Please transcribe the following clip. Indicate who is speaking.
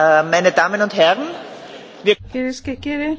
Speaker 1: Äh, Κυρίες και κύριοι,